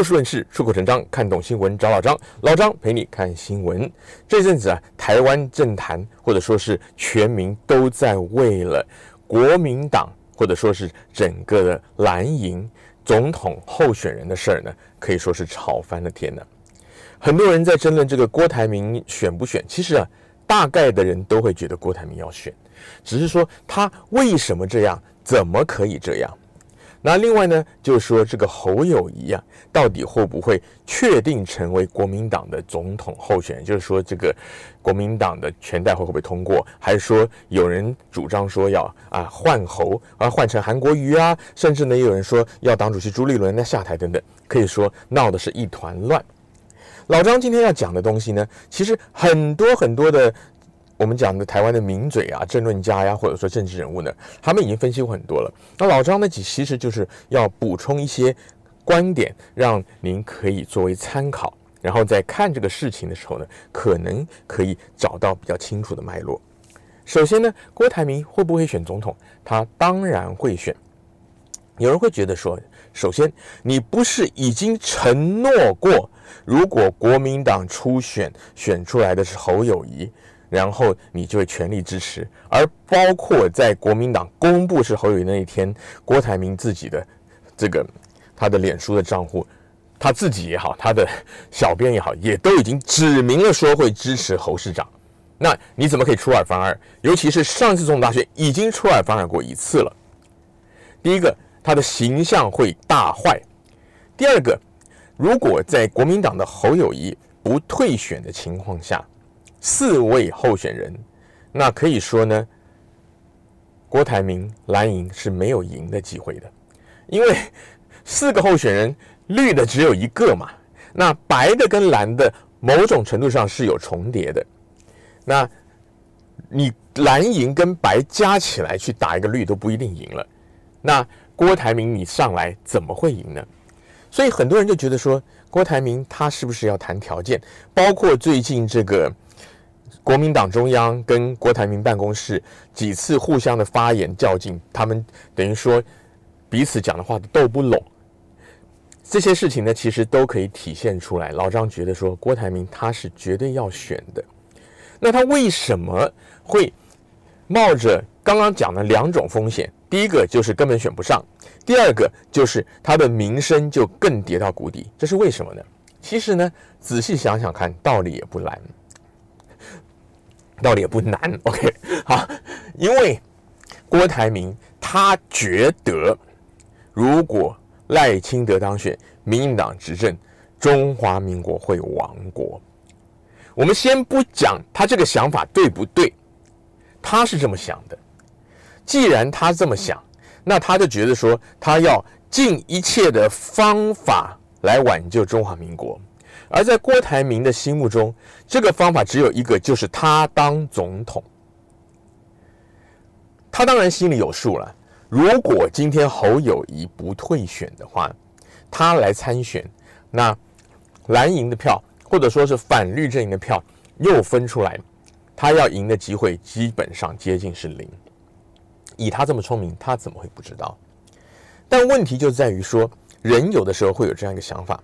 就事論事，出口成章。看懂新聞找老張，老張陪你看新聞。這陣子啊，台灣政壇或者說是全民都在為了國民黨或者說是整個的藍營總統候選人的事兒呢，可以說是吵翻了天呢。很多人在爭論這個郭台銘選不選，其實啊，大概的人都會覺得郭台銘要選，只是說他為什麼這樣，怎麼可以這樣。那另外呢，就是說這個侯友宜啊，到底會不會確定成為國民黨的總統候選人？就是說這個國民黨的全代會會不會通過？還是說有人主張說要啊換侯，而、啊、換成韓國瑜啊？甚至呢，也有人說要黨主席朱立倫那下台等等，可以說鬧得是一團亂。老章今天要講的東西呢，其實很多很多的。我們講的台灣的名嘴啊、政論家呀、啊，或者說政治人物呢，他們已經分析過很多了。那老章呢，其實就是要補充一些觀點，讓您可以作為參考，然後在看這個事情的時候呢，可能可以找到比較清楚的脈絡。首先呢，郭台銘會不會選總統？他當然會選。有人會覺得說，首先你不是已經承諾過，如果國民黨初選選出來的是侯友宜？然後你就會全力支持，而包括在國民黨公布是侯友宜那一天，郭台銘自己的這個他的臉書的賬戶，他自己也好，他的小編也好，也都已經指明了說會支持侯市長。那你怎麼可以出爾反爾？尤其是上次總統大選已經出爾反爾過一次了。第一個，他的形象會大壞；第二個，如果在國民黨的侯友宜不退選的情況下。四位候選人，那可以說呢，郭台銘藍營是沒有贏的機會的，因為四個候選人綠的只有一個嘛，那白的跟藍的某種程度上是有重疊的，那你藍營跟白加起來去打一個綠都不一定贏了，那郭台銘你上來怎麼會贏呢？所以很多人就覺得說，郭台銘他是不是要談條件？包括最近這個。國民黨中央跟郭台銘辦公室幾次互相的發言較勁，他們等於說彼此講的話兜不攏。這些事情呢，其實都可以體現出來。老章覺得說，郭台銘他是絕對要選的。那他為什麼會冒着剛剛講的兩種風險？第一個就是根本選不上，第二個就是他的名聲就更跌到谷底。這是為什麼呢？其實呢，仔細想想看，道理也不難。道理也不難，OK，好，因為郭台銘他覺得，如果賴清德當選，民進黨執政，中華民國會亡國。我們先不講他這個想法對不對，他是這麼想的。既然他這麼想，那他就覺得說，他要盡一切的方法來挽救中華民國。而在郭台銘的心目中，這個方法只有一個，就是他當總統。他當然心裡有數了。如果今天侯友宜不退選的話，他來參選，那藍營的票或者說是反綠陣營的票又分出來，他要贏的機會基本上接近是零。以他這麼聰明，他怎麼會不知道？但問題就在於說，人有的時候會有這樣一個想法。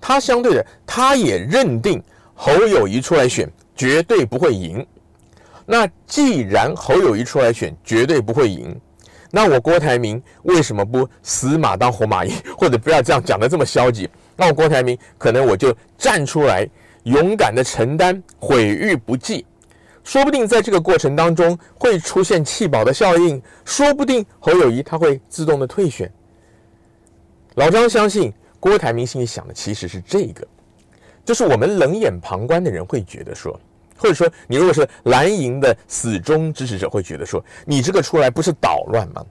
他相對的，他也認定侯友宜出來選絕對不會贏。那既然侯友宜出來選絕對不會贏，那我郭台銘為什麼不死馬當活馬醫，或者不要這樣講的這麼消極？那我郭台銘可能我就站出來，勇敢的承擔毀譽不計，說不定在這個過程當中會出現棄保的效應，說不定侯友宜他會自動的退選。老張相信，郭台銘心裡想的其實是這個，就是我們冷眼旁觀的人會覺得說，或者說你如果是藍營的死忠支持者會覺得說，你這個出來不是搗亂嗎？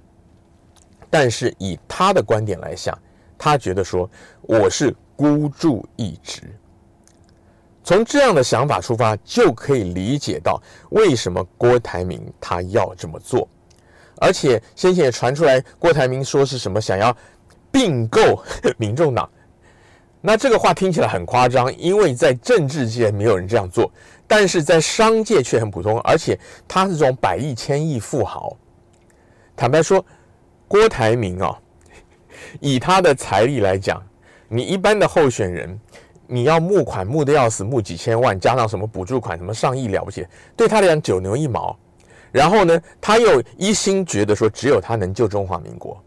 但是以他的觀點來想，他覺得說我是孤注一擲。從這樣的想法出發，就可以理解到為什麼郭台銘他要這麼做。而且先前也傳出來，郭台銘說是什麼想要。併購民眾黨，那這個話聽起來很誇張，因為在政治界沒有人這樣做，但是在商界卻很普通。而且他是這種百億、千億富豪。坦白說，郭台銘哦，以他的財力來講，你一般的候選人，你要募款募得要死，募幾千萬，加上什麼補助款，什麼上億了不起，對他來講九牛一毛。然後呢，他又一心覺得說，只有他能救中華民國。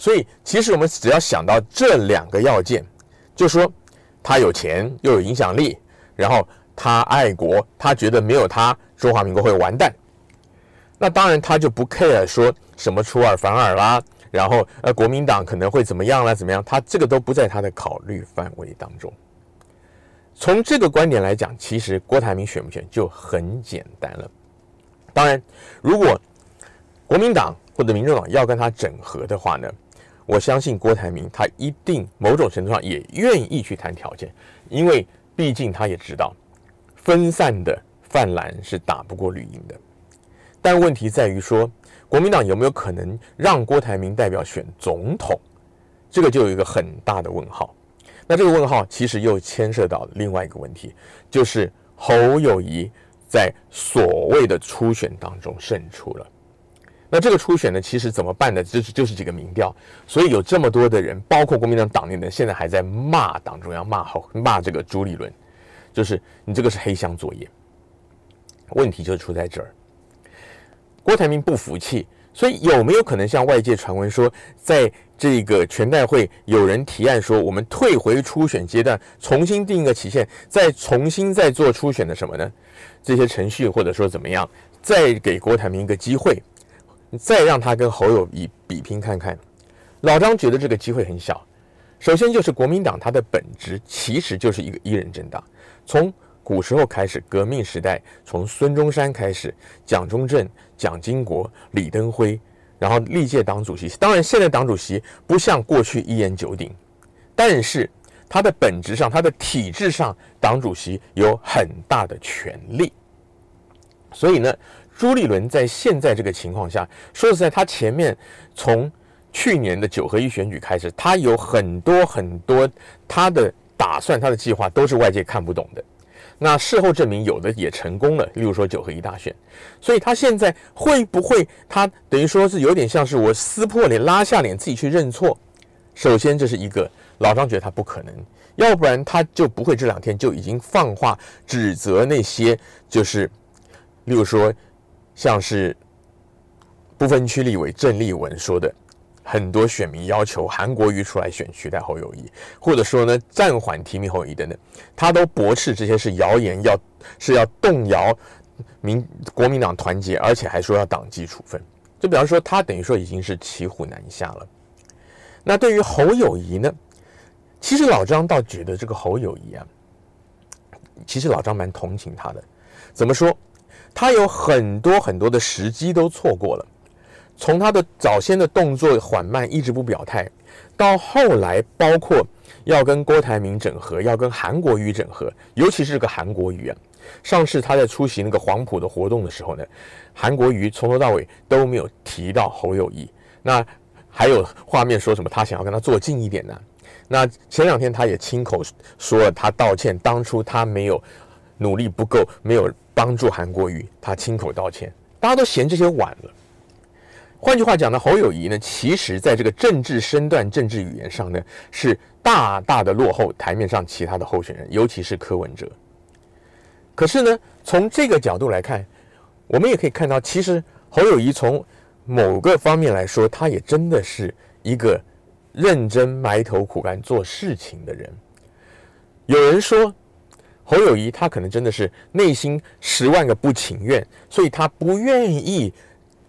所以，其實我們只要想到這兩個要件，就說他有錢又有影響力，然後他愛國，他覺得沒有他，中華民國會完蛋。那當然他就不 care 說什麼出爾反爾啦，然後呃國民黨可能會怎麼樣啦，怎麼樣，他這個都不在他的考慮範圍當中。從這個觀點來講，其實郭台銘選不選就很簡單了。當然，如果國民黨或者民眾黨要跟他整合的話呢？我相信郭台銘，他一定某種程度上也願意去談條件，因為畢竟他也知道分散的泛藍是打不過綠營的。但問題在於說，國民黨有沒有可能讓郭台銘代表選總統？這個就有一個很大的問號。那這個問號其實又牽涉到另外一個問題，就是侯友宜在所謂的初選當中勝出了。那這個初選呢，其實怎麼辦呢？就是就是幾個民調，所以有這麼多的人，包括國民黨黨內的，現在還在罵黨中央，罵好，罵這個朱立倫，就是你這個是黑箱作業。問題就出在這兒。郭台銘不服氣，所以有沒有可能像外界傳聞說，在這個全代會有人提案說，我們退回初選階段，重新定一個期限，再重新再做初選的什麼呢？這些程序或者說怎麼樣，再給郭台銘一個機會？你再讓他跟侯友宜比拼看看，老張覺得這個機會很小。首先就是國民黨，它的本質其實就是一個一人政黨。從古時候開始，革命時代，從孫中山開始，蔣中正、蔣經國、李登輝，然後歷屆黨主席。當然，現在黨主席不像過去一言九鼎，但是他的本質上，他的體制上，黨主席有很大的權力。所以呢。朱立倫在現在這個情況下，說實在，他前面從去年的九合一選舉開始，他有很多很多他的打算，他的計劃都是外界看不懂的。那事後證明，有的也成功了，例如說九合一大選。所以他現在會不會，他等於說是有點像是我撕破臉、拉下臉自己去認錯？首先，這是一個老張覺得他不可能，要不然他就不會這兩天就已經放話指責那些，就是例如說。像是不分區立委鄭立文說的，很多選民要求韓國瑜出來選取代侯友宜，或者說呢，暫緩提名侯友宜等等，他都駁斥這些是謠言要，要是要動搖民國民黨團結，而且還說要黨紀處分。就比方說，他等於說已經是騎虎難下了。那對於侯友宜呢，其實老張倒覺得這個侯友宜啊，其實老張蠻同情他的，怎麼說？他有很多很多的時機都錯過了，從他的早先的動作緩慢，一直不表態，到後來包括要跟郭台銘整合，要跟韓國瑜整合，尤其是這個韓國瑜啊，上次他在出席那個黃埔的活動的時候呢，韓國瑜從頭到尾都沒有提到侯友宜，那還有畫面說什麼他想要跟他坐近一點呢？那前兩天他也親口說了他道歉，當初他沒有努力不夠，沒有。幫助韓國瑜，他親口道歉，大家都嫌這些晚了。換句話講呢，侯友宜呢，其實在這個政治身段、政治語言上呢，是大大的落後檯面上其他的候選人，尤其是柯文哲。可是呢，從這個角度來看，我們也可以看到，其實侯友宜從某個方面來說，他也真的是一個認真埋頭苦幹做事情的人。有人說。侯友宜他可能真的是內心十萬個不情願，所以他不願意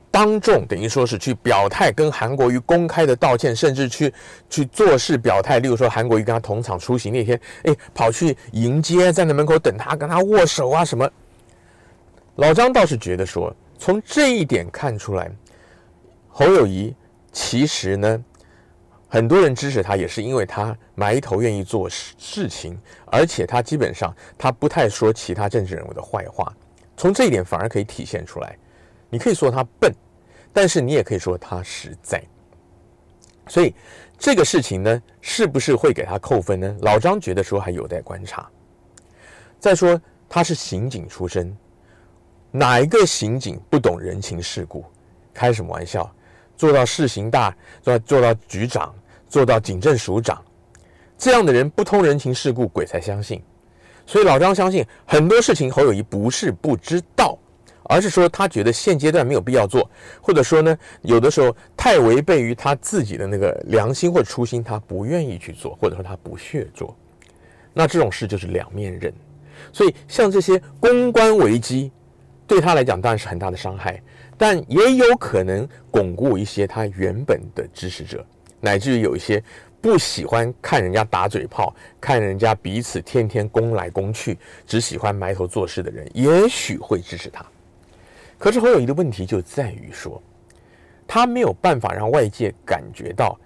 當眾等於說是去表態跟韓國瑜公開的道歉，甚至去去做事表態。例如說，韓國瑜跟他同場出席那天，哎，跑去迎接，在那門口等他，跟他握手啊什麼。老章倒是覺得說，從這一點看出來，侯友宜其實呢。很多人支持他，也是因為他埋頭願意做事事情，而且他基本上他不太說其他政治人物的壞話，從這一點反而可以體現出來。你可以說他笨，但是你也可以說他實在。所以這個事情呢，是不是會給他扣分呢？老張覺得說還有待觀察。再說他是刑警出身，哪一個刑警不懂人情世故？開什麼玩笑？做到市刑大，做到做到局長。做到警政署長，這樣的人不通人情世故，鬼才相信。所以老章相信很多事情侯友宜不是不知道，而是說他覺得現階段沒有必要做，或者說呢，有的時候太違背於他自己的那個良心或者初心，他不願意去做，或者說他不屑做。那這種事就是兩面刃。所以像這些公關危機，對他來講當然是很大的傷害，但也有可能鞏固一些他原本的支持者。乃至於有一些不喜歡看人家打嘴炮，看人家彼此天天攻來攻去，只喜歡埋頭做事的人，也許會支持他。可是侯友宜的問題就在於說，他沒有辦法讓外界感覺到，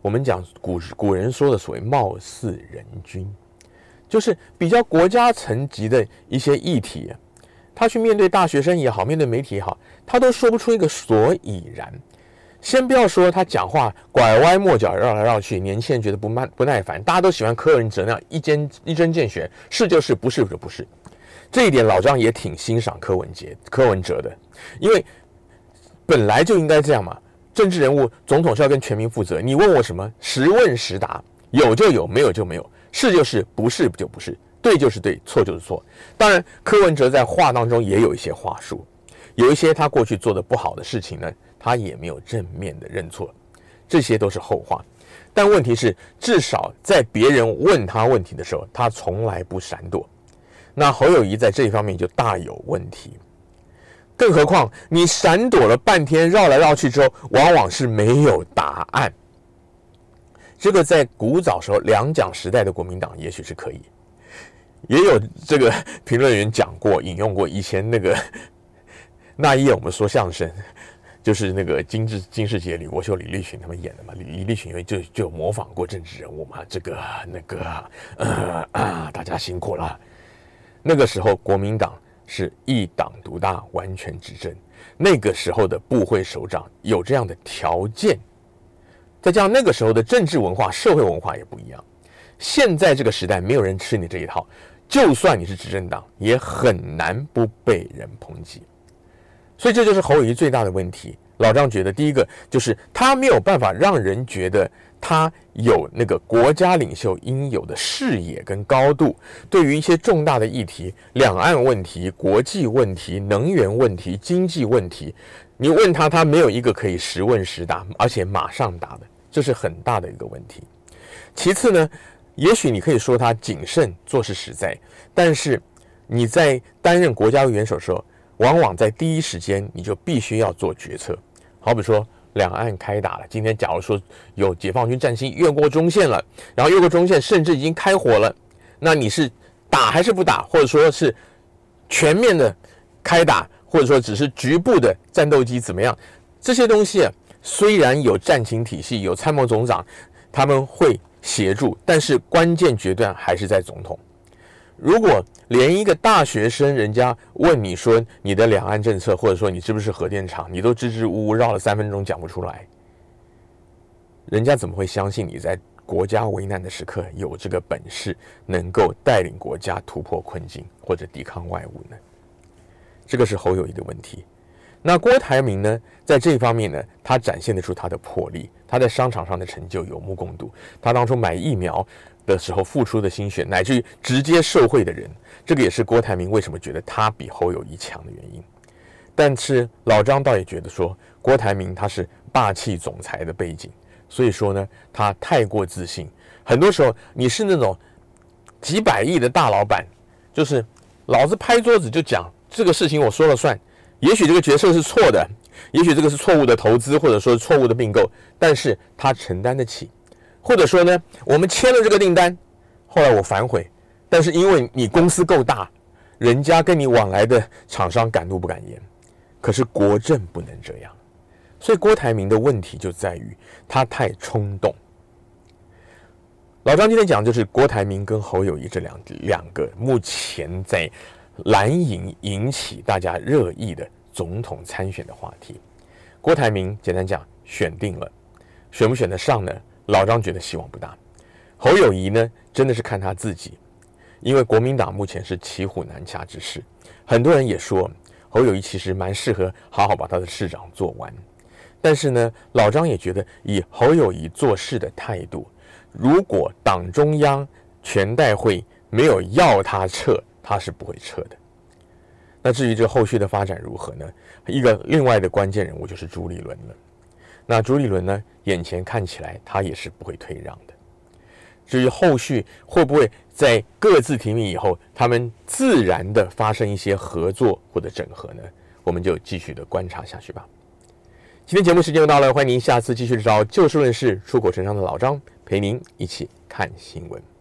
我們講古古人說的所謂貌似人君，就是比較國家層級的一些議題，他去面對大學生也好，面對媒體也好，他都說不出一個所以然。先不要說他講話拐彎抹角、繞來繞去，年輕人覺得不慢不耐煩。大家都喜歡柯文哲那樣一針一針見血，是就是，不是就不是。這一點老張也挺欣賞柯文哲、柯文哲的，因為本來就應該這樣嘛。政治人物，總統是要跟全民負責。你問我什麼，實問實答，有就有，沒有就沒有。是就是，不是就不是。對就是對，錯就是錯。當然，柯文哲在話當中也有一些話術，有一些他過去做的不好的事情呢。他也沒有正面的認錯，這些都是後話。但問題是，至少在別人問他問題的時候，他從來不閃躲。那侯友宜在這一方面就大有問題。更何況，你閃躲了半天，繞來繞去之後，往往是沒有答案。這個在古早時候兩蔣時代的國民黨也許是可以，也有這個評論員講過，引用過以前那個那一夜，我們說相聲。就是那個金志，金士傑、李國修、李立群他們演的嘛。李李立群因為就就模仿過政治人物嘛。這個那個呃，呃，大家辛苦了。那個時候國民黨是一黨獨大，完全執政。那個時候的部會首長有這樣的條件，再加上那個時候的政治文化、社會文化也不一樣。現在這個時代，沒有人吃你這一套。就算你是執政黨，也很難不被人抨擊。所以這就是侯友宜最大的問題。老章覺得，第一個就是他沒有辦法讓人覺得他有那個國家領袖應有的視野跟高度。對於一些重大的議題，兩岸問題、國際問題、能源問題、經濟問題，你問他，他沒有一個可以實問實答，而且馬上答的，這是很大的一個問題。其次呢，也許你可以說他謹慎、做事實在，但是你在擔任國家元首的時候，往往在第一時間你就必須要做決策。好比說，兩岸開打了，今天假如說有解放軍戰機越過中線了，然後越過中線甚至已經開火了，那你是打還是不打，或者說是全面的開打，或者說只是局部的戰鬥機怎麼樣？這些東西啊，雖然有戰情體系，有參謀總長他們會協助，但是關鍵決斷還是在總統。如果連一個大學生，人家問你說你的兩岸政策，或者說你是不是核電廠，你都支支吾吾繞了三分鐘講不出來，人家怎麼會相信你在國家危難的時刻有這個本事能夠帶領國家突破困境或者抵抗外侮呢？這個是侯友宜的問題。那郭台銘呢，在這方面呢，他展現得出他的魄力，他在商場上的成就有目共睹。他當初買疫苗。的時候付出的心血，乃至於直接受賄的人，這個也是郭台銘為什麼覺得他比侯友宜強的原因。但是老張倒也覺得說，郭台銘他是霸氣總裁的背景，所以說呢，他太過自信。很多時候你是那種幾百億的大老板，就是老子拍桌子就講這個事情我說了算。也許這個決策是錯的，也許這個是錯誤的投資，或者說是錯誤的併購，但是他承擔得起。或者說呢，我們簽了這個訂單，後來我反悔，但是因為你公司夠大，人家跟你往來的廠商敢怒不敢言。可是國政不能這樣，所以郭台銘的問題就在於他太衝動。老張今天講就是郭台銘跟侯友宜這兩兩個目前在藍營引起大家熱議的總統參選的話題。郭台銘簡單講，選定了，選不選得上呢？老張覺得希望不大，侯友宜呢，真的是看他自己，因為國民黨目前是騎虎難下之勢，很多人也說侯友宜其實蠻適合好好把他的市長做完，但是呢，老張也覺得以侯友宜做事的態度，如果黨中央全代會沒有要他撤，他是不會撤的。那至於這後續的發展如何呢？一個另外的關鍵人物就是朱立倫了。那朱立倫呢？眼前看起來他也是不會退讓的。至於後續會不會在各自提名以後，他們自然的發生一些合作或者整合呢？我們就繼續的觀察下去吧。今天節目時間又到了，歡迎您下次繼續找就事論事、出口成章的老張陪您一起看新聞。